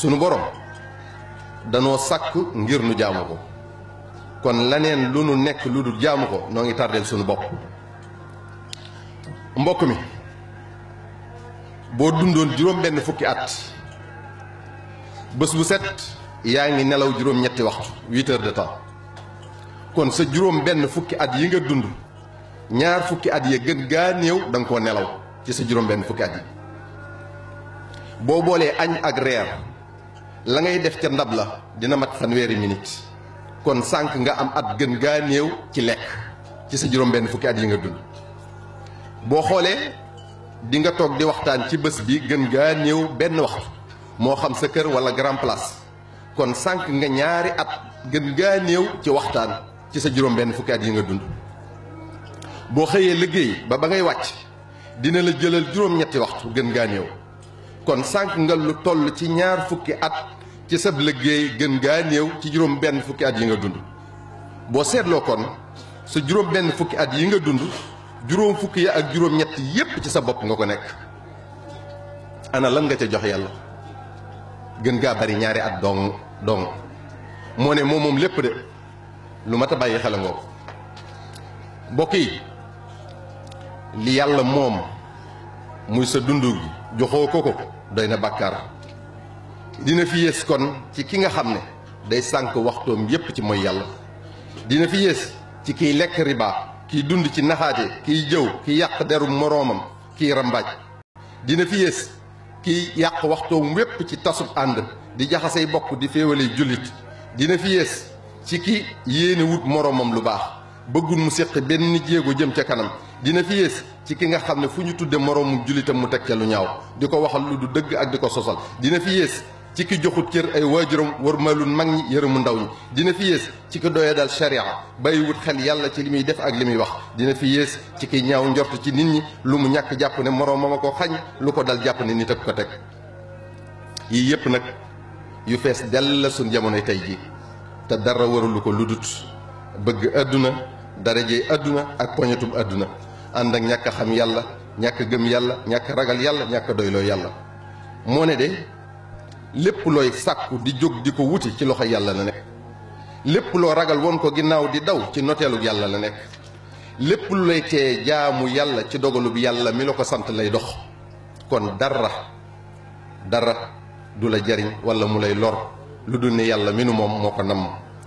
sunu borom danoo sàkk ngir nu jaamu ko kon laneen lu nu nekk lu dul jaamu ko noo ngi tardeel sunu bopp mbokk mi boo dundoon juróom benn fukki at bés bu set yaa ngi nelaw juróom ñetti waxtu huit de temps kon sa juróom benn fukki at yi nga dund ñaar fukki at ya gën gaa néew da koo nelaw ci sa juróom benn fukki at yi boo boolee añ ak reer la ngay def ca ndab la dina mat fanweeri minute kon sànq nga am at gën gaa néew ci lekk ci sa juróom-benn fukki at yi nga dund boo xoolee di nga toog di waxtaan ci bés bi gën gaa néew benn waxtu moo xam sa kër wala grand place kon sànq nga ñaari at gën gaa néew ci waxtaan ci sa juróom-benn fukki at yi nga dund boo xëyee liggéey ba ba ngay wàcc dina la jëlal juróom-ñetti waxtu gën gaa néew kon sank nga lu toll ci ñaar fukki at ci sab liggey gën gaa néew ci juroom ben fukki at yi nga dund boo seetloo kon su juroom ben fukki at yi nga dund juroom fukki ya ak juroom ñet yépp ci sa bop nga ko nek ana lan nga ca jox yalla gën bari ñaari at dong dong mo ne mom mom lepp de lu mata baye xala ngo bokki li yalla mom muy sa joxoko ko doy na bàkkaar dina fi yées kon ci ki nga xam ne day sànk waxtoom yépp ci mooy yàlla dina fi yées ci kiy lekk riba kiy dund ci naxaate kiy jëw ki yàq deru moroomam kiy rambaaj dina fi yées kiy yàq waxtoom wépp ci tasub ànd di jaxasey bokk di féewale jullit dina fi yées ci ki yéene wut moroomam lu baax bëggul mu séq benn jéego jëm ca kanam dina fi yées ci ki nga xam ne fu ñu tuddee moroomu jullitam mu teg ca lu ñaaw di ko waxal lu du dëgg ak di ko sosal dina fi yées ci ki joxut cër ay waajuram war malun mag ñi yërëmu ndaw ñi dina fi yées ci ki doyee dal sharia bàyyiwut xel yàlla ci li muy def ak li muy wax dina fi yées ci ki ñaaw njort ci nit ñi lu mu ñàkk jàpp ne moroomam a ko xañ lu ko dal jàpp ne nit ak ko teg yii yëpp nag yu fees dell la suñ jamonoy tey ji te dara waralu ko lu dut bëgg àdduna daraje àdduna ak poñetum àdduna ànd ak ñàkk xam yàlla ñak gëm yàlla ñak ragal yàlla ñak doylo yàlla mo ne de lépp loy sàkku di jóg di ko wuti ci loxo yàlla la nek lépp lo ragal won ko ginnaw di daw ci notelu yàlla la nek lépp lu lay tee jaamu yàlla ci dogalub yàlla mi lako sant lay dox kon dara dara dula jariñ wala mu lay lor lu dul ne yàlla mi mom moko nam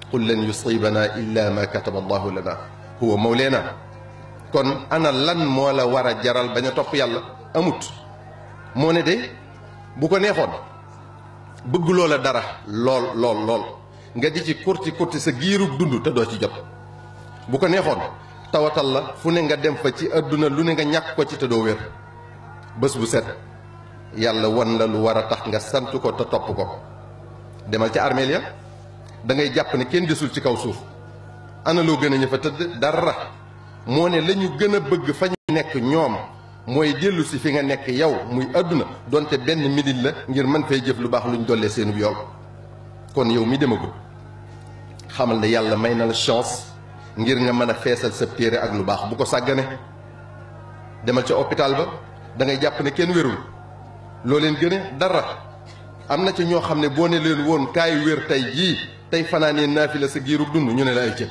qul lan yusibanaa illa ma kataba allahu lana kon ana lan mo la wara jaral baña top yalla amut monede, ne de bu ko neexoon bëgg loola dara lol, lol, lol, nga di ci kurti kurti sa giirug dundu te do ci jop bu ko neexoon tawatal la fu ne nga dem fa ci aduna lu ne nga ñak ko ci te do wér bés bu set yalla wan la lu wara tax nga sant ko te top ko demal ci armeel ya, da ngay japp ne kenn desul ci kaw suuf ana lo dara moo ne la gën a bëgg fa ñu nekk ñoom mooy dellu si fi nga nekk yow muy àdduna donte benn minute la ngir mën fay jëf lu baax luñ dollee seenub yool kon yow mi demagul xamal na yàlla may na la chance ngir nga mën a feesal sa téere ak lu baax bu ko sàggane demal ca hôpital ba dangay jàpp ne kenn wérul loo leen gëne dara am na ca ñoo xam ne boo ne leen woon kaay wér tey jii tey fanaanee naafi la sa giirug dund ñu ne la ay cë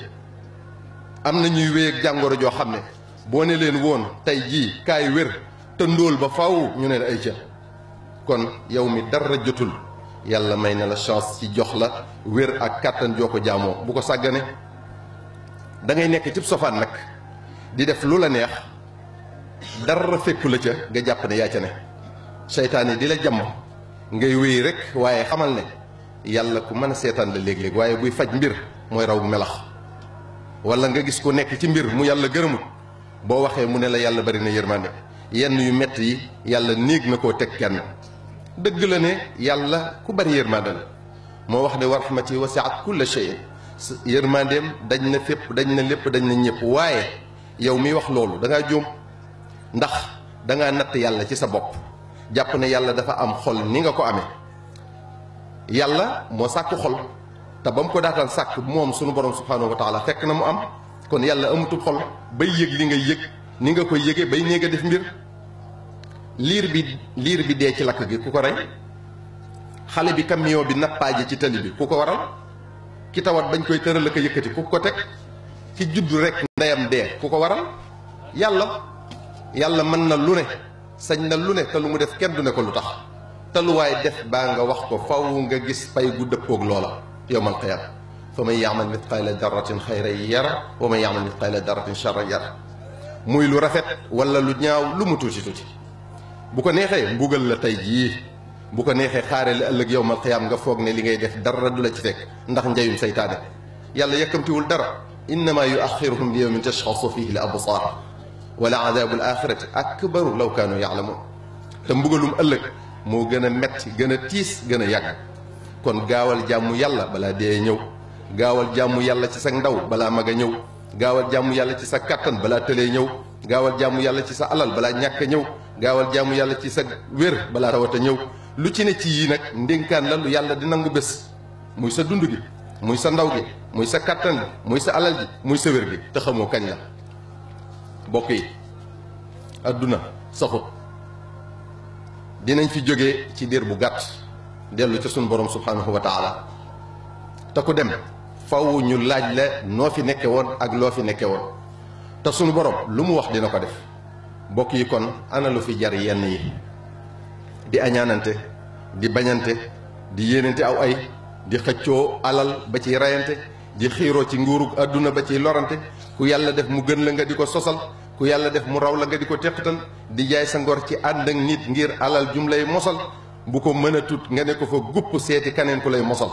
am na ñuy wéy ak jàngoro joo xam ne boo ne leen woon tey jii kaay wér te ndóol ba faw ñu ne la ay ca kon yow mi dara jotul yàlla may na la chance ci jox la wér ak kàttan joo ko jaamoo bu ko sàggane dangay nekk cib sofaan nag di def lu la neex dara fekku la ca nga jàpp ne yaa ca ne seytaane di la jàmm ngay wéy rek waaye xamal ne yàlla ku mën a seetaan la léeg-léeg waaye buy faj mbir mooy raw melax wala nga gis ku nekk ci mbir mu yàlla gërëmut boo waxee mu ne la yàlla bari na yërmande yenn yu metti yi yàlla néeg na koo teg kenn dëgg la ne yàlla ku bari yërmande la moo wax ne ma ci wa rahmati wasi'at kulla shay'in yërmandeem dañ na fépp dañ na lépp dañ na ñëpp waaye yow mi wax loolu danga ngaa ndax danga natt yàlla ci sa bopp jàpp ne yàlla dafa am xol ni nga ko amee yàlla moo sàkk xol te ba mu ko daatal sàkk moom sunu borom subhaanahu wa taala fekk na mu am kon yàlla amatul xol bay yëg li nga yëg ni nga koy yëge bay néega a def mbir liir bi liir bi dee ci lakk gi ku ko rey xale bi camion bi nappaaje ci tali bi ku ko waral ki tawat bañ koy tëral ak a yëkkati ku ko teg ki judd rek ndeyam dee ku ko waral yàlla yàlla mën na lu ne sañ na lu ne te lu mu def kenn du ne ko lu tax te lu waay def baa nga wax ko faw nga gis pay gu dëppoog loola يوم القيامة فمن يعمل مثقال ذرة خيرا يره ومن يعمل مثقال ذرة شرا يره موي لو رافيت ولا لو نياو لو متوتي توتي بوكو نيهي مبوغل لا تاي جي بوكو نيهي خارل الله يوم القيامة غا فوك ني لي غاي ديف دارا دولا سي فيك نداخ نجايوم سيطان يالا يكمتي وول دارا انما يؤخرهم ليوم تشخص فيه الابصار ولعذاب الاخره اكبر لو كانوا يعلمون تمبوغلوم الله مو غنا مت غنا تيس غنا يغ kon gaawal jàmm yàlla balaa dee ñëw gaawal jàmm yàlla ci sa ndaw balaa mag a ñëw gaawal jàmm yàlla ci sa kàttan balaa tëlee ñëw gaawal jàmm yàlla ci sa alal balaa ñàkk ñëw gaawal jàmm yàlla ci sa wér balaa rawat a ñëw lu ci ne ci yii nag ndénkaan la lu yàlla di nangu bés muy sa dund gi muy sa ndaw gi muy sa kàttan gi muy sa alal ji muy sa wér gi te xamoo kañ la bokk yi adduna saxut dinañ fi jóge ci diir bu gàtt dellu ca suñu borom subhanahu wa taala te ku dem faw ñu laaj la noo fi nekke woon ak loo fi nekke woon te suñu borom lu mu wax dina ko def mbokk yi kon ana lu fi jar yenn yi di añaanante di bañante di yéenante aw ay di xëccoo alal ba ci rayante di xiiroo ci nguurug àdduna ba ci lorante ku yàlla def mu gën la nga di ko sosal ku yàlla def mu raw la nga di ko teqatal di jaay sa ngor ci ànd ak nit ngir alal jum lay mosal bu ko mën a tut nga ne ko fa gupp seeti kaneen ku lay mosal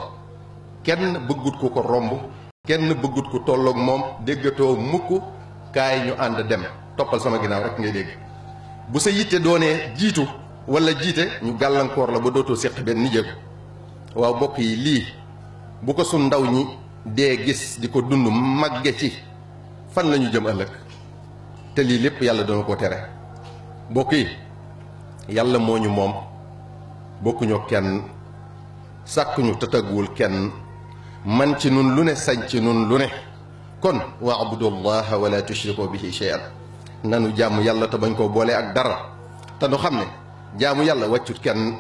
kenn bëggut ku ko romb kenn bëggut ku tollook moom déggatoo mukk kaay ñu ànd dem toppal sama ginnaaw rek ngay dégg bu sa yitte doonee jiitu wala jiite ñu gàllankoor la ba dootul séq benn ni waaw mbokk yi lii bu ko sun ndaw ñi dee gis di ko dund màgge ci fan lañu ñu jëm ëllëg te lii lépp yàlla dana ko tere mbokk yi yàlla moo ñu moom bokkuñoo kenn sàkkuñu tëtëguwul kenn man ci nun lu ne sañ ci nun lu ne kon waabudullaha wala tushriku bi shay'an nanu jaamu yàlla te bañ koo boole ak dara te nu xam ne jaamu yàlla wàccut kenn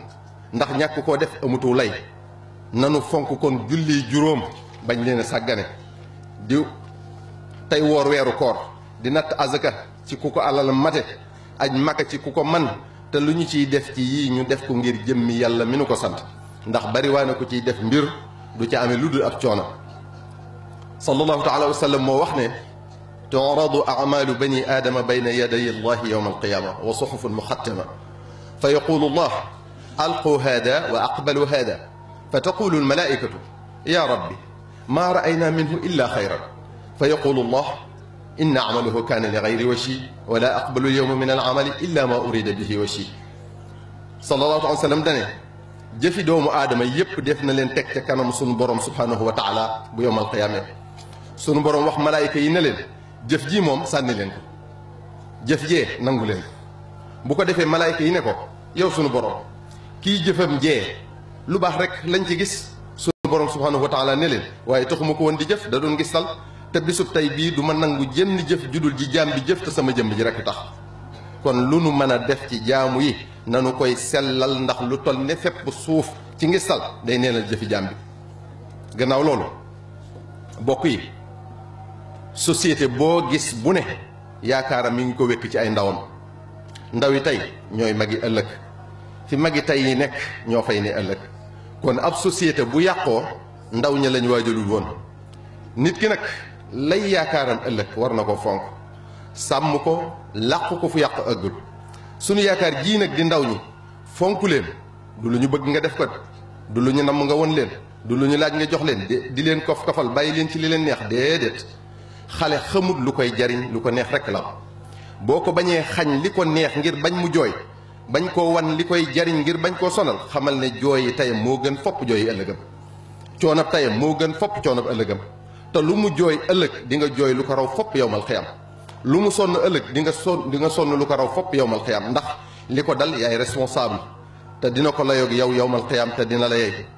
ndax ñàkk koo def amutu lay nanu fonk kon julli juróom bañ leen sàggane di tey woor weeru koor di natt azaka ci ku ko alal mate aj maka ci ku ko man te luñu ci def ci yi ñu def ko ngir jëmmi yàlla mi nu ko sant ndax bari waa ko ci def mbir du ci amé luddul ak ciona sallallahu taala wa sallam mo wax ne tu'radu a'malu bani aadama bayna yaday allahi yawma alqiyama wa suhufun muxattama fa yaqulu allah alqu hada wa aqbalu hada fa taqulu almalaikatu ya rabbi ma ra'ayna minhu illa xayran fa yaqulu allah إن عمله كان لغير وشي ولا أقبل اليوم من العمل إلا ما أريد به وشي صلى الله عليه وسلم dane jëfi doomu aadama yépp def na leen teg ca kanam sunu borom subhanahu wa taala bu yowmal qiyaame sunu borom wax malaayika yi ne leen jëf ji moom sànni leen ko jëf jee nangu leen ko bu ko defee malaayika yi ne ko yow sunu borom kii jëfam jee lu baax rek lañ ci gis sunu borom subhanahu wa taala ne leen waaye taxuma ko woon di jëf da doon gis sal te bisub tay bi duma ma nangu jënn jëf judul ji jaam bi jëf te sama jëm ji rek tax kon lu nu def ci jaamu yi nanu koy selal ndax lu tol ne fépp suuf ci ngi sal day neenal jëf jaam bi gannaaw lolu bokk yi société bo gis bu ne yaakaara mi ngi ko wekk ci ay ndawam ndaw yi tay ñoy magi ëlëk fi magi tay yi nek ño fay ne ëlëk kon ab société bu yàqoo ndaw ñi lañ waajalul won nit ki nak lay yaakaaram ëllëg war na ko fonk sàmm ko làq ko fu yàq ëggul suñu yaakaar jii nag di ndaw ñi fonk leen du lu ñu bëgg nga def ko du lu ñu namm nga won leen du lu ñu laaj nga jox leen di leen kof kofal bàyyi leen ci li leen neex déedéet xale xamut lu koy jariñ lu ko neex rek la boo ko bañee xañ li ko neex ngir bañ mu jooy bañ koo wan li koy jariñ ngir bañ koo sonal xamal ne jooyi tayam moo gën fopp jooyi ëllëgam coonab tayam moo gën fopp coonab ëllëgam te lu mu joy joy di nga joy lu ko raw fop yowmal khiyam lu mu sonn euleuk di nga son di nga sonn lu ko raw fop yowmal khiyam ndax liko dal yaay responsable te dina ko yow yowmal khiyam te dina la